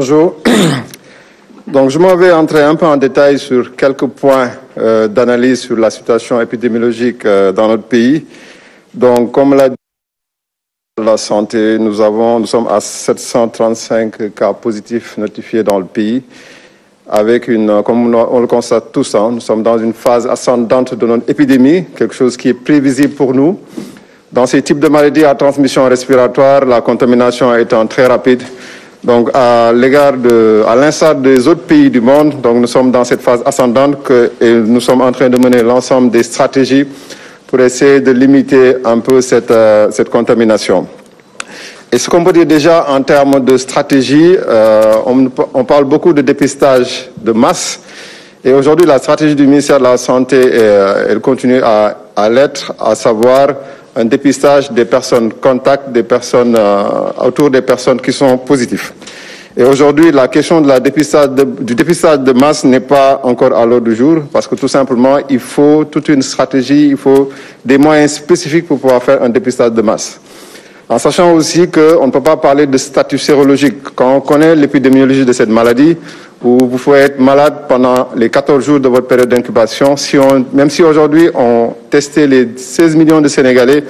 Bonjour. Donc, je m'en vais entrer un peu en détail sur quelques points euh, d'analyse sur la situation épidémiologique euh, dans notre pays. Donc, comme l'a dit la santé, nous, avons, nous sommes à 735 cas positifs notifiés dans le pays, avec une, comme on le constate tous, hein, nous sommes dans une phase ascendante de notre épidémie, quelque chose qui est prévisible pour nous. Dans ces types de maladies à transmission respiratoire, la contamination étant très rapide, donc, à l'égard de, à l'instar des autres pays du monde, donc nous sommes dans cette phase ascendante que, et nous sommes en train de mener l'ensemble des stratégies pour essayer de limiter un peu cette, euh, cette contamination. Et ce qu'on peut dire déjà en termes de stratégie, euh, on, on, parle beaucoup de dépistage de masse. Et aujourd'hui, la stratégie du ministère de la Santé, euh, elle continue à, à l'être, à savoir un dépistage des personnes contacts, des personnes euh, autour des personnes qui sont positives. Et aujourd'hui, la question de la dépistage du dépistage de masse n'est pas encore à l'ordre du jour parce que tout simplement, il faut toute une stratégie, il faut des moyens spécifiques pour pouvoir faire un dépistage de masse. En sachant aussi qu'on ne peut pas parler de statut sérologique. Quand on connaît l'épidémiologie de cette maladie, vous, vous pouvez être malade pendant les 14 jours de votre période d'incubation. Si on, même si aujourd'hui on testait les 16 millions de Sénégalais,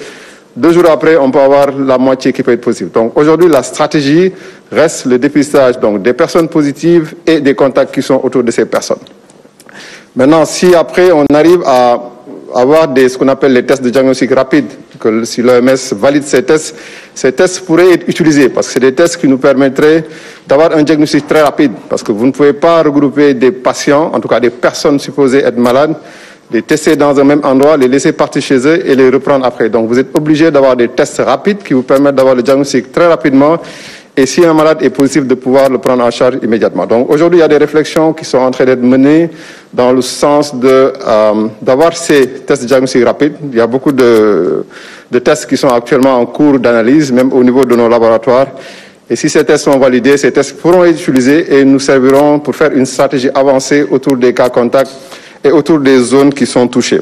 deux jours après, on peut avoir la moitié qui peut être positive. Donc aujourd'hui, la stratégie reste le dépistage donc, des personnes positives et des contacts qui sont autour de ces personnes. Maintenant, si après on arrive à avoir des, ce qu'on appelle les tests de diagnostic rapide, que si l'OMS valide ces tests, ces tests pourraient être utilisés parce que c'est des tests qui nous permettraient d'avoir un diagnostic très rapide parce que vous ne pouvez pas regrouper des patients, en tout cas des personnes supposées être malades, les tester dans un même endroit, les laisser partir chez eux et les reprendre après. Donc vous êtes obligé d'avoir des tests rapides qui vous permettent d'avoir le diagnostic très rapidement et si un malade est positif, de pouvoir le prendre en charge immédiatement. Donc aujourd'hui, il y a des réflexions qui sont en train d'être menées dans le sens de euh, d'avoir ces tests de diagnostic rapide. Il y a beaucoup de, de tests qui sont actuellement en cours d'analyse, même au niveau de nos laboratoires. Et si ces tests sont validés, ces tests pourront être utilisés et nous serviront pour faire une stratégie avancée autour des cas contacts et autour des zones qui sont touchées.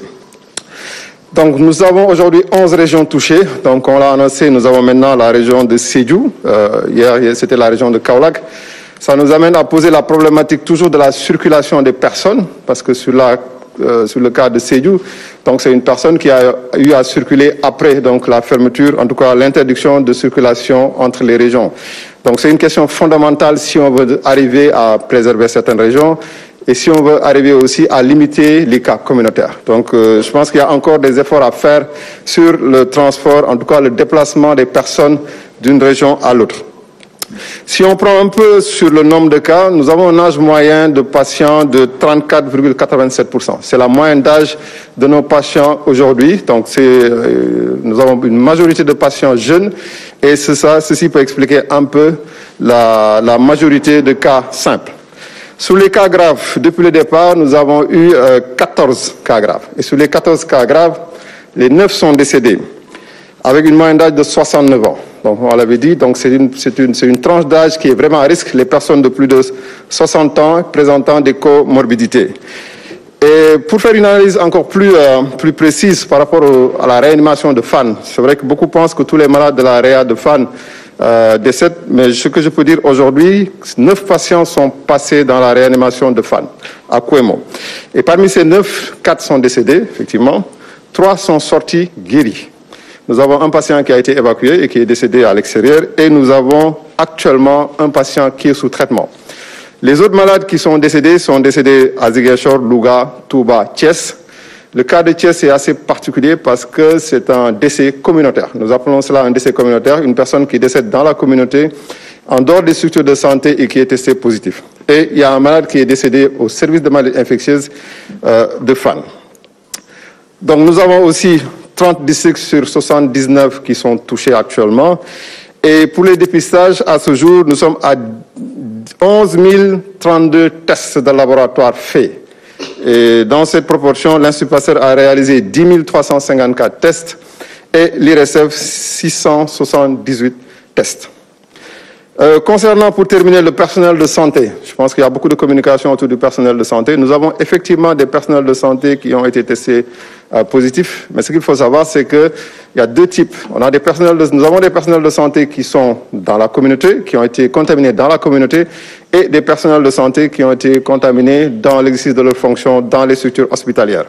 Donc nous avons aujourd'hui 11 régions touchées. Donc on l'a annoncé, nous avons maintenant la région de Sédou. Euh, hier, c'était la région de Kaolak. Ça nous amène à poser la problématique toujours de la circulation des personnes, parce que sur, la, euh, sur le cas de Sédou, donc c'est une personne qui a eu à circuler après donc la fermeture, en tout cas l'interdiction de circulation entre les régions. Donc c'est une question fondamentale si on veut arriver à préserver certaines régions et si on veut arriver aussi à limiter les cas communautaires. Donc euh, je pense qu'il y a encore des efforts à faire sur le transport, en tout cas le déplacement des personnes d'une région à l'autre. Si on prend un peu sur le nombre de cas, nous avons un âge moyen de patients de 34,87%. C'est la moyenne d'âge de nos patients aujourd'hui. Donc, euh, nous avons une majorité de patients jeunes et ça, ceci peut expliquer un peu la majorité de cas simples. Sous les cas graves, depuis le départ, nous avons eu 14 euh, cas graves. Et sous les 14 cas graves, les 9 sont décédés, avec une moyenne d'âge de 69 ans. Donc, on l'avait dit, donc c'est une, tranche d'âge qui est vraiment à risque, les personnes de plus de 60 ans présentant des comorbidités. Et pour faire une analyse encore plus, euh, précise par rapport à la réanimation de FAN, c'est vrai que beaucoup pensent que tous les malades de la réa de FAN euh, Mais ce que je peux dire aujourd'hui, neuf patients sont passés dans la réanimation de FAN à Kouemo. Et parmi ces neuf, quatre sont décédés, effectivement. Trois sont sortis guéris. Nous avons un patient qui a été évacué et qui est décédé à l'extérieur et nous avons actuellement un patient qui est sous traitement. Les autres malades qui sont décédés sont décédés à Ziguinchor, Louga, Touba, Thiès, le cas de Thiès est assez particulier parce que c'est un décès communautaire. Nous appelons cela un décès communautaire, une personne qui décède dans la communauté, en dehors des structures de santé et qui est testée positive. Et il y a un malade qui est décédé au service de maladies infectieuses euh, de FAN. Donc nous avons aussi 30 districts sur 79 qui sont touchés actuellement. Et pour les dépistages, à ce jour, nous sommes à 11 032 tests de laboratoire faits et dans cette proportion, l'Institut a réalisé 10 354 tests et l'IRSF 678 tests. Euh, concernant, pour terminer, le personnel de santé, je pense qu'il y a beaucoup de communication autour du personnel de santé. Nous avons effectivement des personnels de santé qui ont été testés euh, positifs, mais ce qu'il faut savoir, c'est qu'il y a deux types. On a des personnels nous avons des personnels de santé qui sont dans la communauté, qui ont été contaminés dans la communauté, et des personnels de santé qui ont été contaminés dans l'exercice de leurs fonctions dans les structures hospitalières.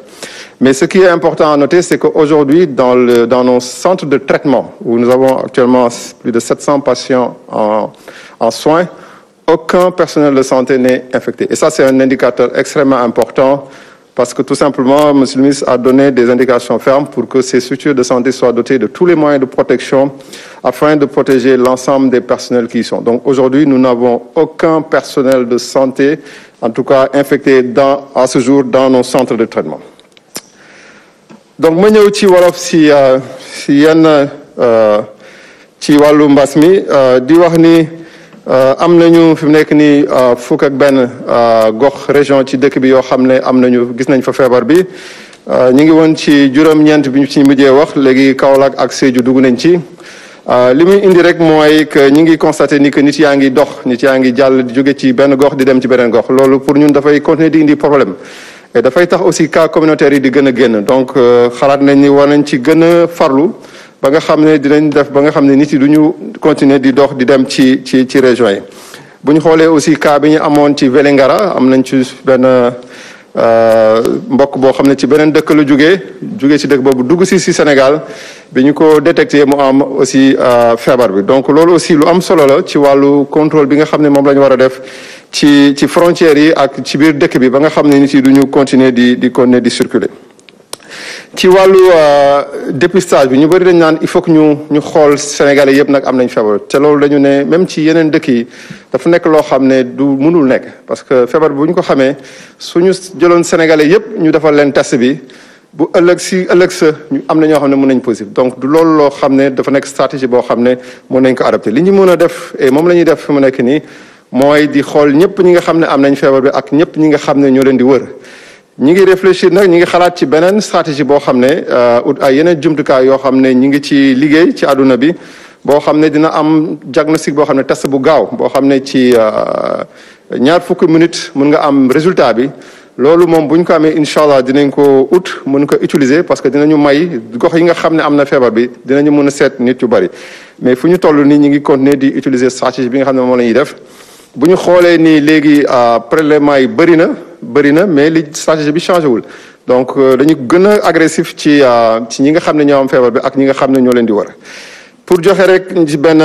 Mais ce qui est important à noter, c'est qu'aujourd'hui, dans, le, dans nos centres de traitement, où nous avons actuellement plus de 700 patients en, en soins, aucun personnel de santé n'est infecté. Et ça, c'est un indicateur extrêmement important parce que tout simplement, M. le ministre a donné des indications fermes pour que ces structures de santé soient dotées de tous les moyens de protection afin de protéger l'ensemble des personnels qui y sont. Donc aujourd'hui, nous n'avons aucun personnel de santé, en tout cas infecté dans, à ce jour dans nos centres de traitement. donc Euh, am nañu fi mu nekk nii euh, fukk ak benn euh, gox région ci dëkk bi yoo xam ne am nañu gis nañ fa feebar bi ñu ngi woon ci juróom-ñeent bi ñu ci mujjee wax léegi Kaolack ak Sédhiou dugg nañ ci li muy indi rek mooy que ñu ngi constaté ni que nit yaa ngi dox nit yaa ngi jàll di jóge ci benn gox di dem ci beneen gox loolu pour ñun dafay continuer di indi problème et dafay tax aussi cas communautaire yi di gën a génn donc xalaat nañ ni war nañ ci gën a farlu. ba nga xam ne dinañ def ba nga xam ne nit yi du ñu continuer di dox di dem ci ci ci région yi bu ñu xoolee aussi kaa bi ñu amoon ci Vélingara am nañ ci benn euh, mbokk boo xam ne ci beneen dëkk la jóge jóge ci dëkk boobu dugg si si Sénégal bi ñu ko détecté mu am aussi euh, feebar bi donc loolu aussi lu am solo la ci wàllu contrôle bi nga xam ne moom la ñu war a def ci ci frontières yi ak ci biir dëkk bi ba nga xam ne nit yi du ñu continuer di di continuer di circuler ci wàllu euh, dépistage bi ñu bëri dañ naan il faut que ñu ñu xool Sénégalais yëpp nag am nañ feebar te loolu dañu ne même ci yeneen dëkk yi dafa nekk loo xam ne du mënul nekk parce que feebar bu ñu ko xamee suñu jëloon Sénégalais yëpp ñu defal leen taste bi bu ëllëg si ëllëg sa ñu am na ñoo xam ne mun nañ positif donc du loolu loo xam ne dafa nekk stratégie boo xam ne mun nañ ko adopté li ñu mën a def moom la ñuy def fi mu nekk nii mooy di xool ñëpp ñi nga xam ne am nañ feebar bi ak ñëpp ñi nga xam ne ñoo leen di wër ñi ngi réfléchir nag ñi ngi xalaat ci beneen stratégie boo xam ne euh, ut ay yeneen jumtukaay yoo xam ne ñi ngi ci liggéey ci àdduna bi boo xam ne dina am diagnostic boo xam ne test bu gaaw boo xam ne ci euh, ñaar fukki minutes mun nga am résultat bi loolu moom bu ñu ko amee incha allah dinañ ko ut mun ko utiliser parce que dinañu may gox yi nga xam ne am na feebar bi dinañu mën a seet nit yu bari mais fu ñu toll nii ñu ngi continuer di utiliser stratégie bi nga xam ne moom la def bu ñu xoolee ni léegi euh, prélèvement yi bëri na. bëri mais li stratégie bi changé wul donc euh, dañu gëna agressif ci euh, ci ñi nga xamné ne ñoo am feebar bi ak ñi nga xamné ñoo leen di wara pour joxé rek ci ben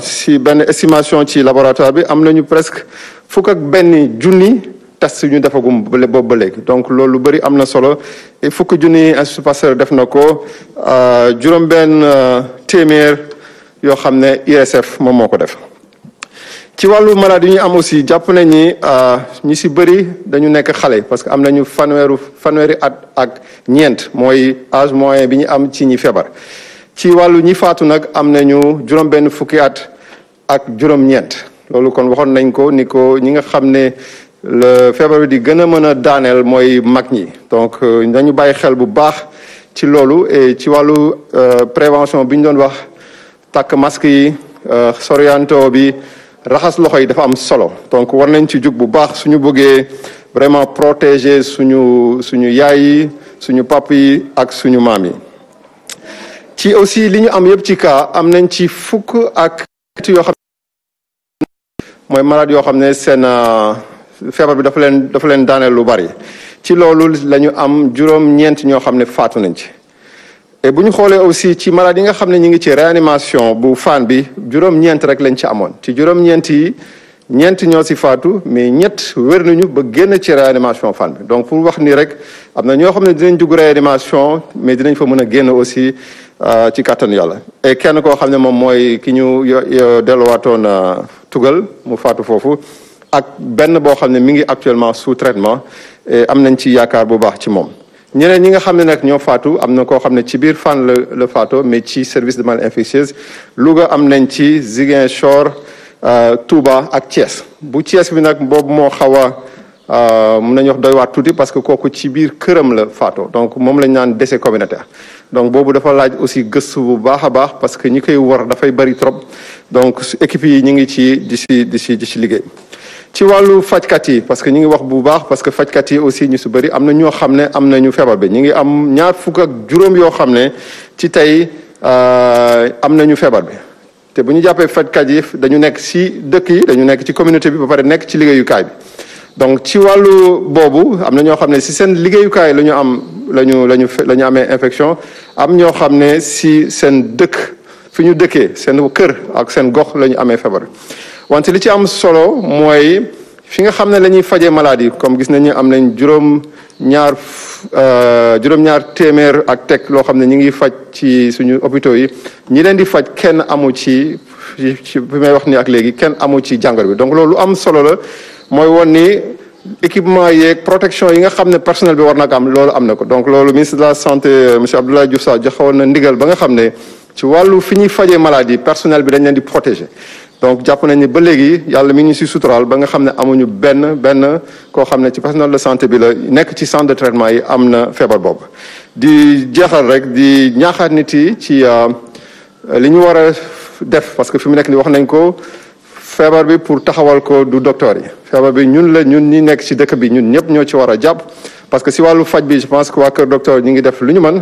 ci ben estimation ci laboratoire bi am nañu presque fuk ak ben junni test ñu defagum boobu ba léegi donc lolu bari amna solo et fuk Institut Pasteur def na ko euh, juróom-benn téeméer yoo ISF mom moko def. ci wàllu malade yi ñu am aussi jàpp nañ ni euh, ñi si bëri dañu nekk xale parce que am nañu fanweeru fanweeri at ak ñeent mooy âge moyen bi ñu am ci ñi feebar ci wàllu ñi faatu nag am nañu juróom-benn fukki at ak juróom-ñeent loolu kon waxoon nañ ko ni ko ñi nga xam ne feebar bi di gën a mën a daaneel mooy mag ñi donc euh, nañu bàyyi xel bu baax ci loolu et ci wàllu euh, prévention bi ñu doon wax takk masque yi sorianto bi raxas loxo yi dafa am solo donc war nañ ci jub bu baax suñu buggee vraiment protéger suñu suñu yaay yi suñu pap yi ak suñu maam yi ci aussi li ñu am yëpp ci cas am nañ ci fukk ak yoo mooy malade yoo xam ne seen euh, feebar bi dafa leen dafa leen daaneel lu bari ci loolu lañu am juróom-ñeent ñoo xam ne faatu nañ ci et bu ñu xoolee aussi ci malade yi nga xam ne ñu ngi ci réanimation bu Fann bi juróom-ñeent rek lañ ci amoon ci juróom ñeenti ñoo si faatu mais ñett wér nañu ba génn ci réanimation Fann bi donc pour wax nii rek am na ñoo xam ne dinañ dugg réanimation mais dinañ fa mën a génn aussi euh, ci kàttanu yàlla. et kenn koo xam ne moom mooy ki ñu delluwaatoon euh, tugal mu faatu foofu ak benn boo xam ne mi ngi actuellement sous traitement am nañ ci yaakaar bu baax ci moom. ñeneen ñi nga xam ne nag ñoo faatu am na koo xam ne ci biir Fann la la faatoo mais ci service de maladies infectieuses Louga am nañ ci Ziguinchor euh, Touba ak Thiès bu Thiès bi nag boobu moo xaw a euh, mun nañu wax doy waat tuuti parce que kooku ci biir këram la faatoo donc moom lañ naan décès communautaire. donc boobu dafa laaj aussi gëstu bu baax a baax parce que ñi koy war dafay bari trop donc équipe yi ñu ngi ci di si di si di si liggéey. ci walu fajkat yi parce que ñi ngi wax bu baax parce que fajkat yi aussi ñu su bari amna ño xamne amna ñu am bi ñi ngi am ñaar fuk ak juroom yo xamne ne ci tey euh, amna ñu feebar bi té buñu jappé jàppee fajkat yi dañu nekk ci dëkk yi dañu nekk ci communauté bi ba paré nekk ci ligéyu kay bi donc ci walu bobu amna ño xamne xam ne si seen liggéeyukaay la ñu am lañu lañu lañu amé infection am ño xamne ne si seen dëkk fi ñu dëkkee seen kër ak sen gox lañu amé amee bi wante li ci am solo mooy fi nga xam ne la fajee maladie comme gis nañu am nañ juróom ñaar euh, juróom-ñaar téeméer ak teg loo xam ne ñu ngi faj ci suñu hôpitaux yi ñi leen di faj kenn amu ci ci bi may wax ni ak léegi kenn amu ci jàngoro bi donc loolu lu am solo la mooy woon ni équipement yeeg protection yi nga xam ne personnel bi war na ko am loolu am na ko donc loolu ministre de la santé euh, monsieur Abdoulaye Diouf joxewoon na ndigal ba nga xam ne ci wàllu fi ñuy fajee maladie personnel bi dañ leen di protéger donc jàpp nañ ni ba léegi yàlla mi ngi si suturaal ba nga xam ne amuñu benn benn koo xam ne ci personnel de santé bi la nekk ci centre de traitement yi am na feebar boobu di jeexal rek di ñaaxaat nit yi ci euh, li ñu war a def parce que fi mu nekk ni wax nañ ko feebar bi pour taxawal ko du docteur yi feebar bi ñun la ñun ñi nekk ci dëkk bi ñun ñëpp ñoo ci war a jàpp parce que si wàllu faj bi je pense que waa Kër Docteur ñu ngi def lu ñu mën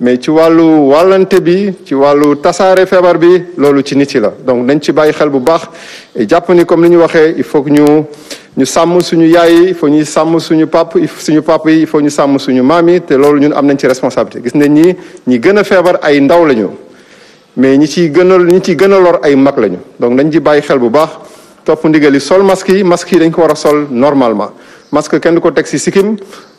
mais ci wàllu wàllante bi ci wàllu tasaare feebar bi loolu ci nit yi la donc nañ ci bàyyi xel bu baax et jàpp ni comme li ñu waxee il faut que ñu ñu sàmm suñu yaay il faut ñuy sàmm suñu pap suñu pap yi il faut ñu sàmm suñu maam yi te loolu ñun am nañ ci responsabilité gis nañ ñi ñi gën a feebar ay ndaw lañu mais ñi ciy gën a ñi ciy gën a lor ay mag lañu donc dañu ci bàyyi xel bu baax topp ndigal yi sol masque yi masque yi dañ ko war a sol normalement masque kenn du ko teg si sikkim